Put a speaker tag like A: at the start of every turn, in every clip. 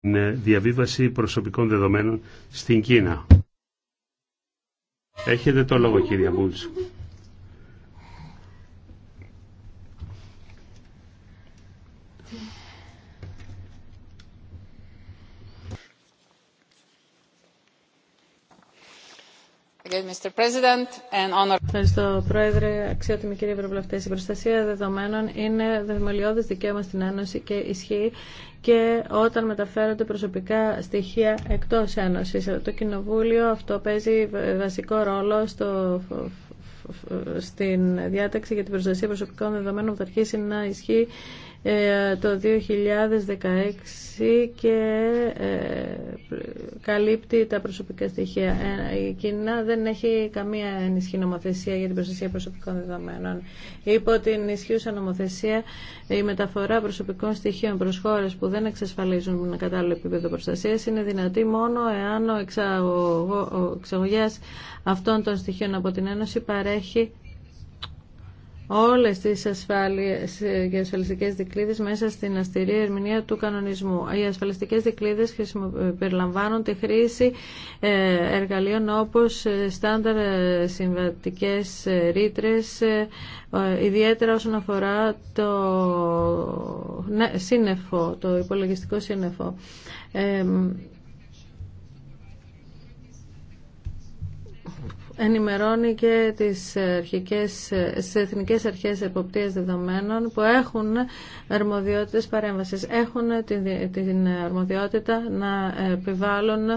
A: την ε, διαβίβαση προσωπικών δεδομένων στην Κίνα. Έχετε το λόγο κύριε
B: Ευχαριστώ, Πρόεδρε. Αξιότιμοι κύριοι Ευρωβουλευτέ, η προστασία δεδομένων είναι θεμελιώδη δικαίωμα στην Ένωση και ισχύει και όταν μεταφέρονται προσωπικά στοιχεία εκτός Ένωσης. Το Κοινοβούλιο αυτό παίζει βασικό ρόλο στο στην διάταξη για την προστασία προσωπικών δεδομένων που θα αρχίσει να ισχύει ε, το 2016 και ε, καλύπτει τα προσωπικά στοιχεία. Ε, η Κίνα δεν έχει καμία ενισχύ νομοθεσία για την προστασία προσωπικών δεδομένων. Υπό την ισχύουσα νομοθεσία η μεταφορά προσωπικών στοιχείων προς χώρες που δεν εξασφαλίζουν ένα κατάλληλο επίπεδο προστασίας είναι δυνατή μόνο εάν ο εξαγωγέας αυτών των στοιχείων από την Ένωση παρέχει όλες τις ασφάλειες και ασφαλιστικές δικλείδες μέσα στην αστηρή ερμηνεία του κανονισμού. Οι ασφαλιστικές δικλείδες ε, περιλαμβάνουν τη χρήση ε, εργαλείων όπως ε, στάνταρ συμβατικές ρήτρες, ιδιαίτερα όσον αφορά το ναι, σύννεφο, το υπολογιστικό σύννεφο. ενημερώνει και τις, αρχικές, τις εθνικές αρχές εποπτείας δεδομένων που έχουν αρμοδιότητες παρέμβασης. Έχουν την, την αρμοδιότητα να επιβάλλουν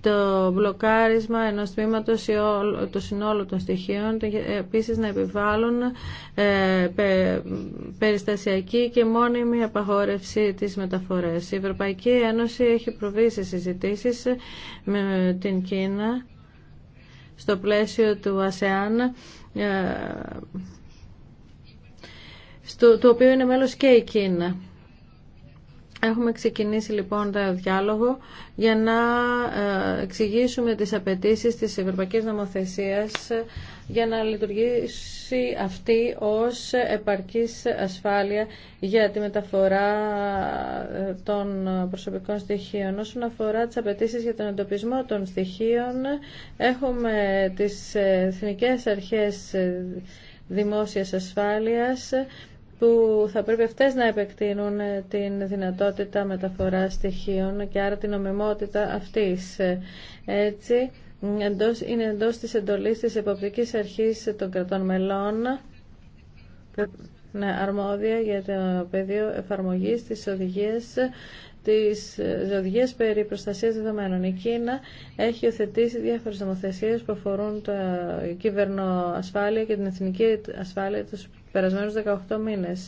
B: το μπλοκάρισμα ενός τμήματος ή το συνόλου των στοιχείων, επίσης να επιβάλλουν ε, περιστασιακή και μόνιμη απαγόρευση της μεταφορές. Η το συνόλο των στοιχειων επισης Ένωση έχει προβεί σε συζητήσεις με την Κίνα στο πλαίσιο του ΑΣΕΑΝ ε, στο, του οποίου είναι μέλος και η Κίνα. Έχουμε ξεκινήσει λοιπόν το διάλογο για να ε, εξηγήσουμε τις απαιτήσεις της Ευρωπαϊκής Νομοθεσίας ε, για να λειτουργήσει αυτή ως επαρκής ασφάλεια για τη μεταφορά ε, των προσωπικών στοιχείων. Όσον αφορά τις απαιτήσει για τον εντοπισμό των στοιχείων, έχουμε τις εθνικές αρχές δημόσιας ασφάλειας που θα πρέπει αυτές να επεκτείνουν την δυνατότητα μεταφοράς στοιχείων και άρα την ομιμότητα αυτής. Έτσι, εντός, είναι εντός της εντολής της Εποπτικής Αρχής των Κρατών Μελών αρμόδια για το πεδίο εφαρμογής της οδηγίας της οδηγίες περί προστασίας δεδομένων. Η Κίνα έχει οθετήσει διάφορες νομοθεσίε που αφορούν τα κυβερνοασφάλεια και την εθνική ασφάλεια περασμένους 18 μήνες.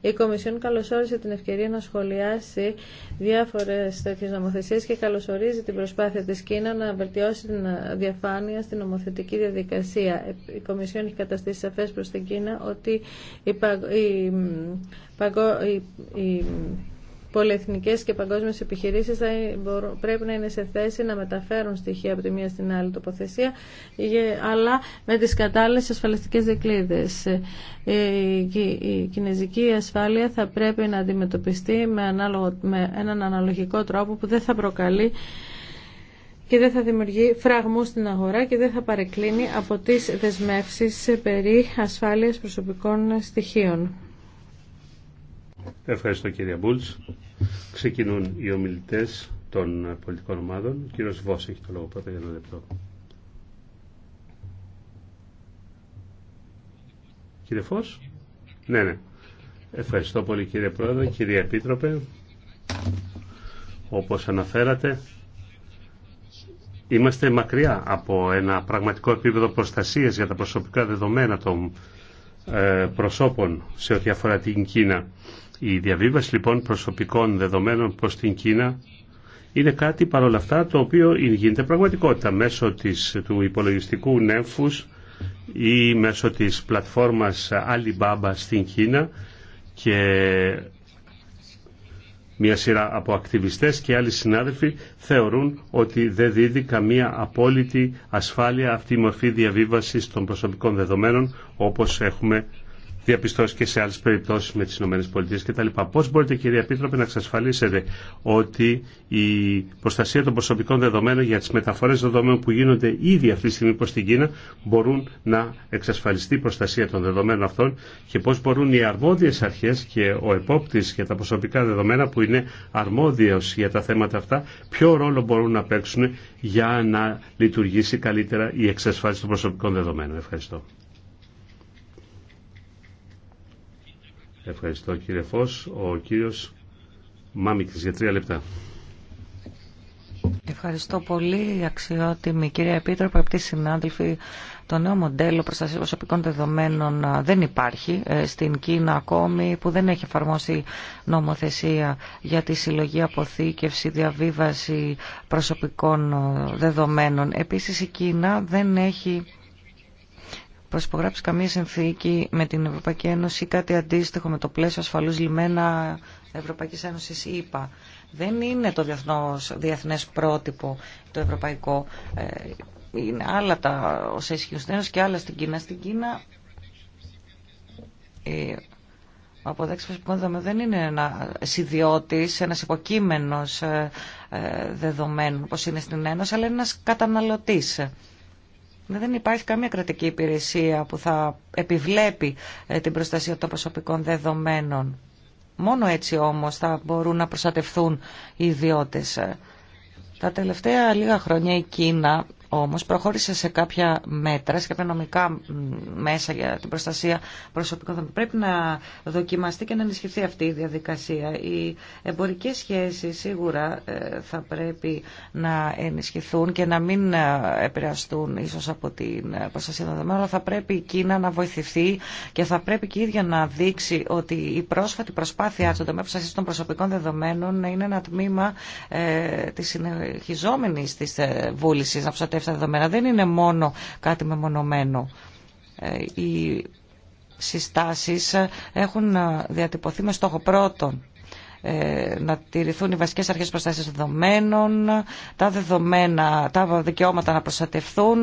B: Η Κομισιόν καλωσόρισε την ευκαιρία να σχολιάσει διάφορες τέτοιε νομοθεσίες και καλωσορίζει την προσπάθεια της Κίνα να βελτιώσει την διαφάνεια στην νομοθετική διαδικασία. Η Κομισιόν έχει καταστήσει σαφές προς την Κίνα ότι η, η, η πολυεθνικές και παγκόσμιες επιχειρήσεις θα πρέπει να είναι σε θέση να μεταφέρουν στοιχεία από τη μία στην άλλη τοποθεσία, αλλά με τις κατάλληλες ασφαλιστικές η, Η κινέζικη ασφάλεια θα πρέπει να αντιμετωπιστεί με, ανάλογο, με έναν αναλογικό τρόπο που δεν θα προκαλεί και δεν θα δημιουργεί φραγμού στην αγορά και δεν θα παρεκκλίνει από τις δεσμεύσεις περί ασφάλειας προσωπικών στοιχείων.
A: Ευχαριστώ κύριε Μπούλτς. Ξεκινούν οι ομιλητές των πολιτικών ομάδων. Ο κύριος Βός έχει το λόγο πρώτα για ένα λεπτό. Κύριε Φως. Ναι, ναι. Ευχαριστώ πολύ κύριε Πρόεδρε, κύριε Επίτροπε. Όπως αναφέρατε, είμαστε μακριά από ένα πραγματικό επίπεδο προστασίας για τα προσωπικά δεδομένα των ε, προσώπων σε ό,τι αφορά την Κίνα. Η διαβίβαση λοιπόν προσωπικών δεδομένων προς την Κίνα είναι κάτι παρόλα αυτά το οποίο γίνεται πραγματικότητα μέσω της, του υπολογιστικού νέφους ή μέσω της πλατφόρμας Alibaba στην Κίνα και μια σειρά από ακτιβιστές και άλλοι συνάδελφοι θεωρούν ότι δεν δίδει καμία απόλυτη ασφάλεια αυτή η μορφή διαβίβασης των προσωπικών δεδομένων όπως έχουμε διαπιστώσει και σε άλλε περιπτώσει με τις ΗΠΑ κτλ. Πώ μπορείτε κυρία Επίτροπε να εξασφαλίσετε ότι η προστασία των προσωπικών δεδομένων για τι μεταφορέ δεδομένων που γίνονται ήδη αυτή τη στιγμή προ την Κίνα μπορούν να εξασφαλιστεί η προστασία των δεδομένων αυτών και πώ μπορούν οι αρμόδιε αρχέ και ο επόπτη για τα προσωπικά δεδομένα που είναι αρμόδιο για τα θέματα αυτά ποιο ρόλο μπορούν να παίξουν για να λειτουργήσει καλύτερα η εξασφάλιση των προσωπικών δεδομένων. Ευχαριστώ. Ευχαριστώ κύριε Φως. Ο κύριος Μάμικης για τρία λεπτά.
C: Ευχαριστώ πολύ αξιότιμη κυρία Επίτροπο, αγαπητοί συνάδελφοι. Το νέο μοντέλο προστασία προσωπικών δεδομένων ε, δεν υπάρχει ε, στην Κίνα ακόμη που δεν έχει εφαρμόσει νομοθεσία για τη συλλογή, αποθήκευση, διαβίβαση προσωπικών ε, δεδομένων. Επίσης η Κίνα δεν έχει προσπογράψει καμία συνθήκη με την Ευρωπαϊκή Ένωση ή κάτι αντίστοιχο με το πλαίσιο ασφαλούς λιμένα Ευρωπαϊκής Ένωσης ΗΠΑ. ΕΕ. Δεν είναι το διεθνώς, διεθνές πρότυπο το ευρωπαϊκό. Ε, είναι άλλα τα όσα ισχύουν στην Ένωση και άλλα στην Κίνα. Στην Κίνα ε, αποδέξει που δεν είναι ένα ιδιώτης, ένας υποκείμενος ε, ε, δεδομένων όπως είναι στην Ένωση, αλλά είναι ένας καταναλωτής. Ναι, δεν υπάρχει καμία κρατική υπηρεσία που θα επιβλέπει ε, την προστασία των προσωπικών δεδομένων. Μόνο έτσι όμως θα μπορούν να προστατευθούν οι ιδιώτες. Ε, τα τελευταία λίγα χρόνια η Κίνα όμως προχώρησε σε κάποια μέτρα, σε κάποια νομικά μέσα για την προστασία προσωπικών δεδομένων. Πρέπει να δοκιμαστεί και να ενισχυθεί αυτή η διαδικασία. Οι εμπορικές σχέσεις σίγουρα ε, θα πρέπει να ενισχυθούν και να μην ε, επηρεαστούν ίσως από την προστασία των δεδομένων, αλλά θα πρέπει η Κίνα να βοηθηθεί και θα πρέπει και η ίδια να δείξει ότι η πρόσφατη προσπάθειά στον τομέα προστασία των προσωπικών δεδομένων είναι ένα τμήμα ε, της τη της ε, βούλησης να αυτά δεδομένα. Δεν είναι μόνο κάτι μεμονωμένο. Ε, οι συστάσεις ε, έχουν ε, διατυπωθεί με στόχο πρώτον να τηρηθούν οι βασικές αρχές προστασίας δεδομένων, τα δεδομένα, τα δικαιώματα να προστατευθούν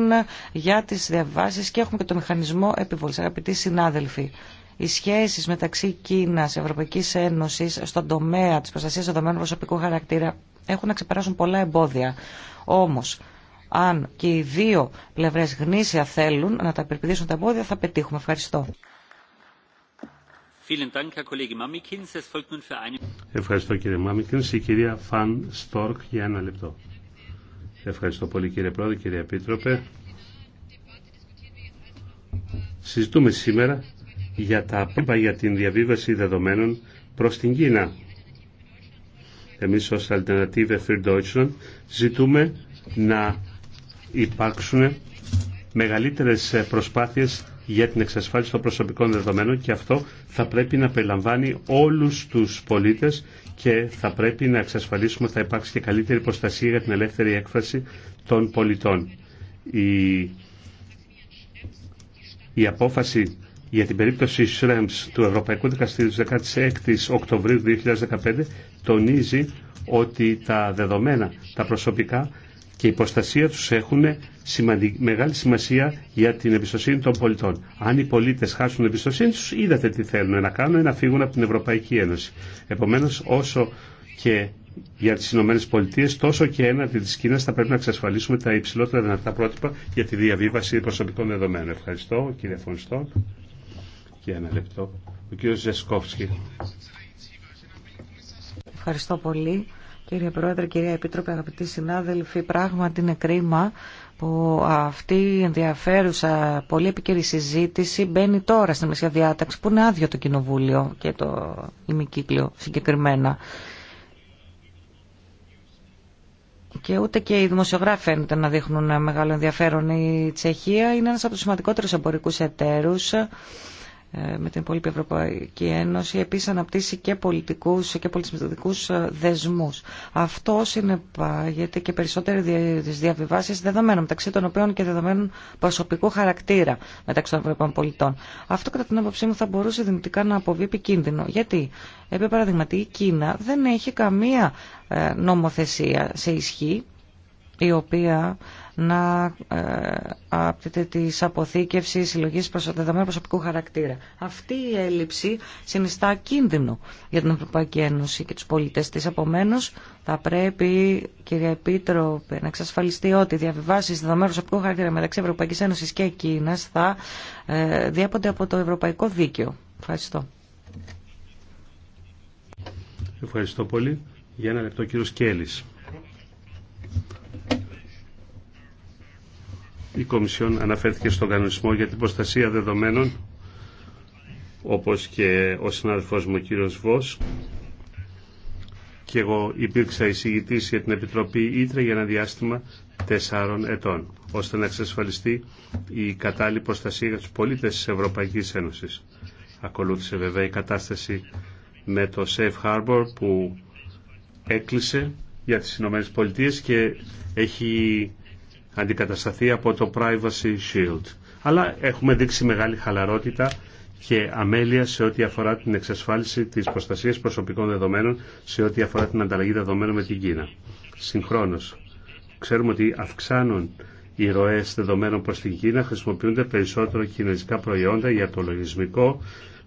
C: για τις διαβάσεις και έχουμε και το μηχανισμό επιβολής. Αγαπητοί συνάδελφοι, οι σχέσεις μεταξύ Κίνας και Ευρωπαϊκής Ένωσης στον τομέα της προστασίας δεδομένων προσωπικού χαρακτήρα έχουν να ξεπεράσουν πολλά εμπόδια. Όμως, αν και οι δύο πλευρές γνήσια θέλουν να τα περπηδήσουν τα εμπόδια, θα πετύχουμε. Ευχαριστώ.
A: Ευχαριστώ κύριε Μάμικινς. Η κυρία Φαν Στόρκ για ένα λεπτό. Ευχαριστώ πολύ κύριε Πρόεδρε, κύριε Επίτροπε. Συζητούμε σήμερα για τα για την διαβίβαση δεδομένων προς την Κίνα. Εμείς ως Alternative für Deutschland ζητούμε να υπάρξουν μεγαλύτερες προσπάθειες για την εξασφάλιση των προσωπικών δεδομένων και αυτό θα πρέπει να περιλαμβάνει όλους τους πολίτες και θα πρέπει να εξασφαλίσουμε ότι θα υπάρξει και καλύτερη προστασία για την ελεύθερη έκφραση των πολιτών. Η, απόφαση για την περίπτωση Σρέμς του Ευρωπαϊκού Δικαστήριου της 16 Οκτωβρίου 2015 τονίζει ότι τα δεδομένα, τα προσωπικά και η προστασία τους έχουν μεγάλη σημασία για την εμπιστοσύνη των πολιτών. Αν οι πολίτες χάσουν την εμπιστοσύνη τους, είδατε τι θέλουν να κάνουν, να φύγουν από την Ευρωπαϊκή Ένωση. Επομένως, όσο και για τις Ηνωμένες Πολιτείες, τόσο και έναντι της Κίνας θα πρέπει να εξασφαλίσουμε τα υψηλότερα δυνατά πρότυπα για τη διαβίβαση προσωπικών δεδομένων. Ευχαριστώ, κύριε Φωνστό. Και ένα λεπτό. Ο κύριος Ζεσκόφσκι.
C: Ευχαριστώ πολύ. Κύριε Πρόεδρε, κυρία Επίτροπε, αγαπητοί συνάδελφοι, πράγματι είναι κρίμα που αυτή η ενδιαφέρουσα πολύ επικαιρή συζήτηση μπαίνει τώρα στην μεσιά διάταξη που είναι άδειο το κοινοβούλιο και το ημικύκλιο συγκεκριμένα. Και ούτε και οι δημοσιογράφοι φαίνεται να δείχνουν μεγάλο ενδιαφέρον. Η Τσεχία είναι ένας από τους σημαντικότερους εμπορικούς εταίρους με την υπόλοιπη Ευρωπαϊκή Ένωση, επίσης αναπτύσσει και πολιτικούς και πολιτισμιστικούς ε, δεσμούς. Αυτό συνεπάγεται και περισσότερες διαβιβάσεις δεδομένων, μεταξύ των οποίων και δεδομένων προσωπικού χαρακτήρα μεταξύ των Ευρωπαϊκών πολιτών. Αυτό κατά την άποψή μου θα μπορούσε δυνητικά να αποβεί επικίνδυνο. Γιατί, επί παραδειγματι, η Κίνα δεν έχει καμία ε, νομοθεσία σε ισχύ, η οποία να άπτεται ε, τη αποθήκευση συλλογή δεδομένων προσωπικού χαρακτήρα. Αυτή η έλλειψη συνιστά κίνδυνο για την Ευρωπαϊκή Ένωση και του πολίτε τη. Επομένω, θα πρέπει, κυρία Επίτροπε, να εξασφαλιστεί ότι οι διαβιβάσει δεδομένων προσωπικού χαρακτήρα μεταξύ Ευρωπαϊκή Ένωση και Κίνα θα ε, διέπονται από το Ευρωπαϊκό Δίκαιο. Ευχαριστώ.
A: Ευχαριστώ πολύ. Για ένα λεπτό, κύριο Σκέλη η Κομισιόν αναφέρθηκε στον κανονισμό για την προστασία δεδομένων όπως και ο συνάδελφός μου ο κύριος Βος και εγώ υπήρξα εισηγητής για την Επιτροπή Ήτρα για ένα διάστημα τεσσάρων ετών ώστε να εξασφαλιστεί η κατάλληλη προστασία για τους πολίτες της Ευρωπαϊκής Ένωσης. Ακολούθησε βέβαια η κατάσταση με το Safe Harbor που έκλεισε για τις Ηνωμένες Πολιτείες και έχει αντικατασταθεί από το Privacy Shield. Αλλά έχουμε δείξει μεγάλη χαλαρότητα και αμέλεια σε ό,τι αφορά την εξασφάλιση της προστασίας προσωπικών δεδομένων, σε ό,τι αφορά την ανταλλαγή δεδομένων με την Κίνα. Συγχρόνως, ξέρουμε ότι αυξάνουν οι ροές δεδομένων προς την Κίνα, χρησιμοποιούνται περισσότερο κινέζικα προϊόντα για το λογισμικό,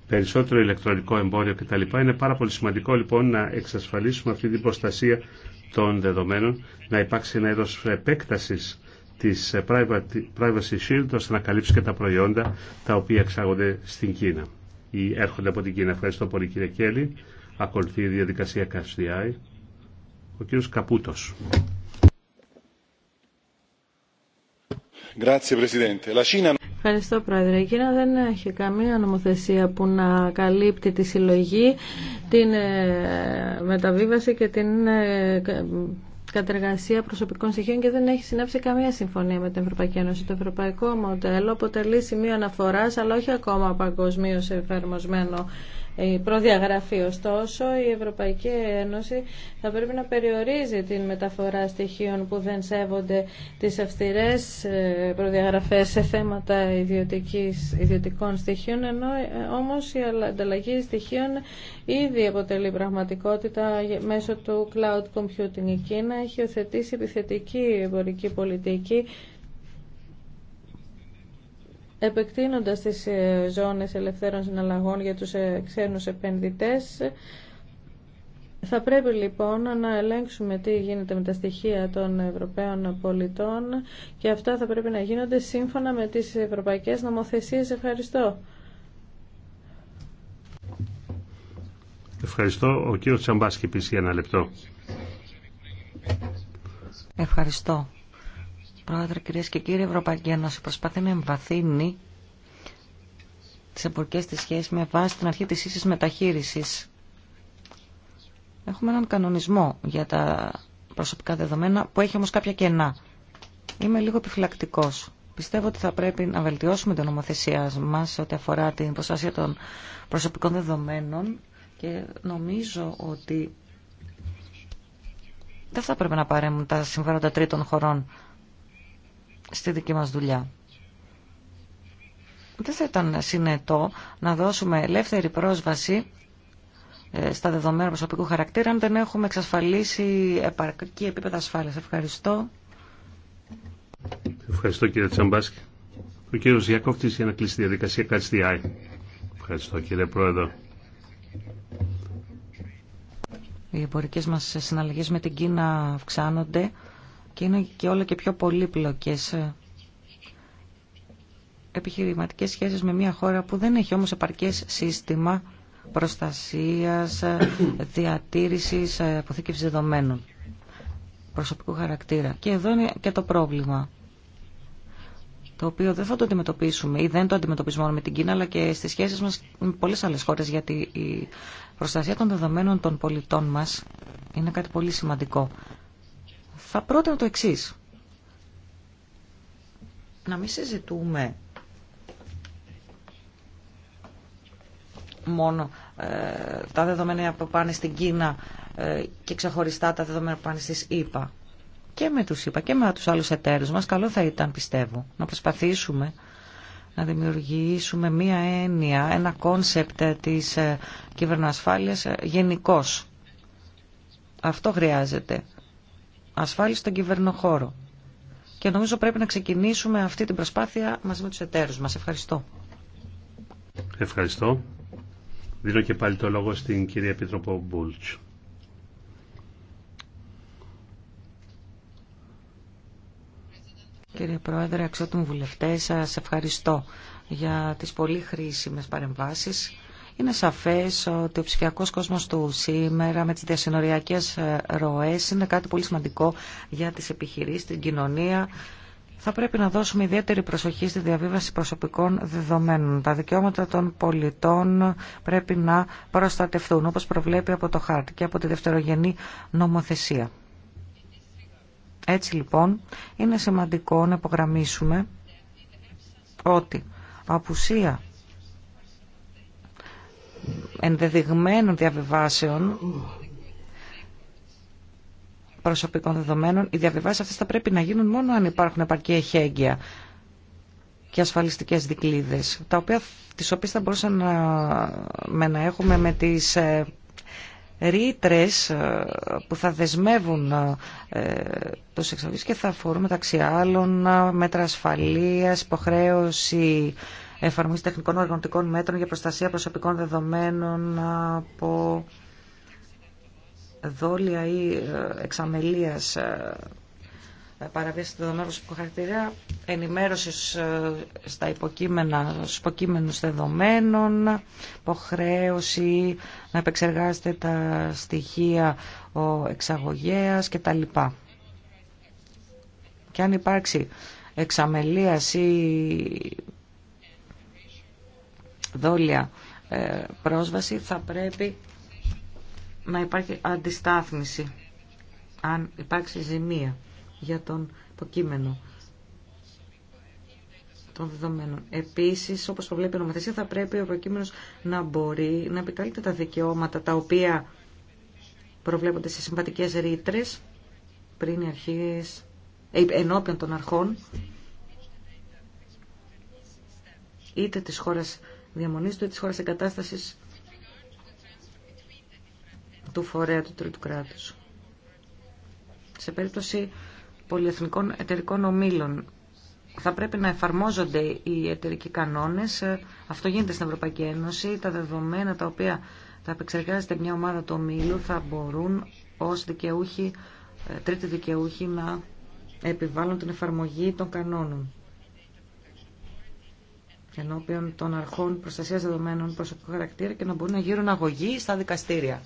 A: περισσότερο ηλεκτρονικό εμπόριο κτλ. Είναι πάρα πολύ σημαντικό λοιπόν να εξασφαλίσουμε αυτή την προστασία των δεδομένων, να υπάρξει ένα έδος επέκτασης της ε, Privacy Shield ώστε να καλύψει και τα προϊόντα τα οποία εξάγονται στην Κίνα ή έρχονται από την Κίνα. Ευχαριστώ πολύ κύριε Κέλλη. Ακολουθεί η διαδικασία ΚΑΣΤΙΑΗ. Ο κύριος Καπούτος.
B: Ευχαριστώ Πρόεδρε. Η Κίνα δεν έχει καμία νομοθεσία που να καλύπτει τη συλλογή, την ε, μεταβίβαση και την ε, κατεργασία προσωπικών στοιχείων και δεν έχει συνάψει καμία συμφωνία με την Ευρωπαϊκή Ένωση. Το ευρωπαϊκό μοντέλο αποτελεί σημείο αναφορά, αλλά όχι ακόμα παγκοσμίω εφαρμοσμένο ε, προδιαγραφή. Ωστόσο, η Ευρωπαϊκή Ένωση θα πρέπει να περιορίζει την μεταφορά στοιχείων που δεν σέβονται τις αυστηρές ε, προδιαγραφές σε θέματα ιδιωτικής, ιδιωτικών στοιχείων, ενώ ε, όμως η ανταλλαγή στοιχείων ήδη αποτελεί πραγματικότητα μέσω του cloud computing. Η Κίνα έχει οθετήσει επιθετική εμπορική πολιτική επεκτείνοντας τις ε, ζώνες ελευθέρων συναλλαγών για τους ε, ξένους επενδυτές. Θα πρέπει λοιπόν να ελέγξουμε τι γίνεται με τα στοιχεία των Ευρωπαίων πολιτών και αυτά θα πρέπει να γίνονται σύμφωνα με τις ευρωπαϊκές νομοθεσίες. Ευχαριστώ.
A: Ευχαριστώ. Ο κύριος Τσαμπάσκη επίσης για ένα λεπτό.
C: Ευχαριστώ. Πρόεδρε, κυρίες και κύριοι, η Ευρωπαϊκή Ένωση προσπαθεί να εμβαθύνει τις εμπορικές της σχέσεις με βάση την αρχή της ίσης μεταχείρισης. Έχουμε έναν κανονισμό για τα προσωπικά δεδομένα που έχει όμως κάποια κενά. Είμαι λίγο επιφυλακτικό. Πιστεύω ότι θα πρέπει να βελτιώσουμε την νομοθεσία μα σε ό,τι αφορά την προστασία των προσωπικών δεδομένων και νομίζω ότι δεν θα πρέπει να παρέμουν τα συμφέροντα τρίτων χωρών στη δική μας δουλειά. Δεν θα ήταν συνετό να δώσουμε ελεύθερη πρόσβαση ε, στα δεδομένα προσωπικού χαρακτήρα αν δεν έχουμε εξασφαλίσει επαρκή επίπεδα ασφάλειας. Ευχαριστώ.
A: Ευχαριστώ κύριε Τσαμπάσκη. Ο κύριο Γιακόφτη για να κλείσει τη διαδικασία ΚΑΤΣΤΙΑΙ. Ευχαριστώ κύριε Πρόεδρο.
C: Οι εμπορικέ μα συναλλαγέ με την Κίνα αυξάνονται και είναι και όλο και πιο πολύπλοκες ε, επιχειρηματικές σχέσεις με μια χώρα που δεν έχει όμως επαρκές σύστημα προστασίας, ε, διατήρησης, ε, αποθήκευση δεδομένων προσωπικού χαρακτήρα. Και εδώ είναι και το πρόβλημα το οποίο δεν θα το αντιμετωπίσουμε ή δεν το αντιμετωπίζουμε μόνο με την Κίνα αλλά και στις σχέσεις μας με πολλές άλλες χώρες γιατί η προστασία των δεδομένων των πολιτών μας είναι κάτι πολύ σημαντικό. Θα πρότεινα το εξή. Να μην συζητούμε μόνο ε, τα δεδομένα που πάνε στην Κίνα ε, και ξεχωριστά τα δεδομένα που πάνε στις ΗΠΑ. Και με τους ΗΠΑ και με τους άλλους εταίρους μας καλό θα ήταν πιστεύω να προσπαθήσουμε να δημιουργήσουμε μία έννοια, ένα κόνσεπτ ε, της κυβερνοασφάλειας γενικώ. Αυτό χρειάζεται. Ασφάλιση στον κυβερνοχώρο. Και νομίζω πρέπει να ξεκινήσουμε αυτή την προσπάθεια μαζί με τους εταίρους μας. Ευχαριστώ.
A: Ευχαριστώ. Δίνω και πάλι το λόγο στην κυρία Επίτροπο Μπούλτς.
C: Κύριε Πρόεδρε, αξιότιμοι βουλευτές, σας ευχαριστώ για τις πολύ χρήσιμες παρεμβάσεις είναι σαφές ότι ο ψηφιακός κόσμος του σήμερα με τις διασυνοριακές ε, ροές είναι κάτι πολύ σημαντικό για τις επιχειρήσεις, την κοινωνία. Θα πρέπει να δώσουμε ιδιαίτερη προσοχή στη διαβίβαση προσωπικών δεδομένων. Τα δικαιώματα των πολιτών πρέπει να προστατευτούν, όπως προβλέπει από το χάρτη και από τη δευτερογενή νομοθεσία. Έτσι λοιπόν, είναι σημαντικό να υπογραμμίσουμε ότι απουσία ενδεδειγμένων διαβιβάσεων προσωπικών δεδομένων, οι διαβιβάσει αυτέ θα πρέπει να γίνουν μόνο αν υπάρχουν επαρκή εχέγγυα και ασφαλιστικέ δικλείδε, τι οποίε θα μπορούσαμε να, έχουμε με τι ε, ρήτρε ε, που θα δεσμεύουν ε, του εξαγωγείς και θα αφορούν μεταξύ άλλων μέτρα ασφαλεία, υποχρέωση εφαρμογή τεχνικών οργανωτικών μέτρων για προστασία προσωπικών δεδομένων από δόλια ή ε, εξαμελίας ε, παραβίαση δεδομένων προσωπικού χαρακτήρα, ενημέρωση ε, στα υποκείμενα, στους υποκείμενους δεδομένων, υποχρέωση να επεξεργάζεται τα στοιχεία ο εξαγωγέας κτλ. Και αν υπάρξει εξαμελίας ή δόλια ε, πρόσβαση θα πρέπει να υπάρχει αντιστάθμιση αν υπάρξει ζημία για τον υποκείμενο των δεδομένων. Επίσης, όπως προβλέπει η νομοθεσία, θα πρέπει ο υποκείμενος να μπορεί να επικαλείται τα δικαιώματα τα οποία προβλέπονται σε συμβατικές ρήτρε πριν οι αρχές, ε, ενώπιον των αρχών είτε της χώρας διαμονή του ή της χώρας εγκατάστασης του φορέα του τρίτου κράτου. Σε περίπτωση πολυεθνικών εταιρικών ομίλων θα πρέπει να εφαρμόζονται οι εταιρικοί κανόνες. Αυτό γίνεται στην Ευρωπαϊκή Ένωση. Τα δεδομένα τα οποία θα επεξεργάζεται μια ομάδα του ομίλου θα μπορούν ως δικαιούχοι, ε, τρίτη δικαιούχοι να επιβάλλουν την εφαρμογή των κανόνων ενώπιον των αρχών προστασία δεδομένων προσωπικού χαρακτήρα και να μπορούν να γύρουν αγωγή στα δικαστήρια.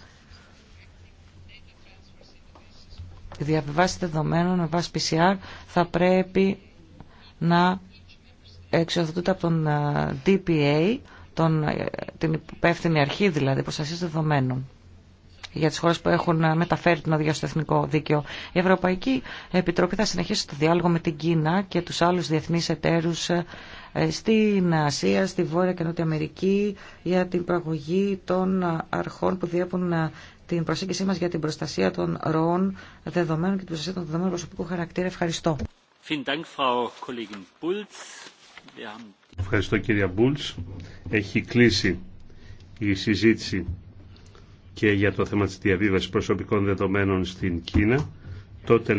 C: Διαβιβάσει δεδομένων με βάση PCR θα πρέπει να εξοδοτούνται από τον DPA, ε, τον, ε, την υπεύθυνη αρχή δηλαδή προστασία δεδομένων για τις χώρες που έχουν ε, μεταφέρει την οδηγία στο εθνικό δίκαιο. Η Ευρωπαϊκή Επιτροπή θα συνεχίσει το διάλογο με την Κίνα και τους άλλους διεθνείς εταίρους ε, ε, στην Ασία, στη Βόρεια και Νότια Αμερική για την προαγωγή των αρχών που διέπουν την προσέγγιση μας για την προστασία των ροών δεδομένων και την προστασία των δεδομένων προσωπικού χαρακτήρα. Ευχαριστώ.
A: Ευχαριστώ κυρία Μπούλτς. Έχει κλείσει η συζήτηση και για το θέμα της διαβίβασης προσωπικών δεδομένων στην Κίνα. Το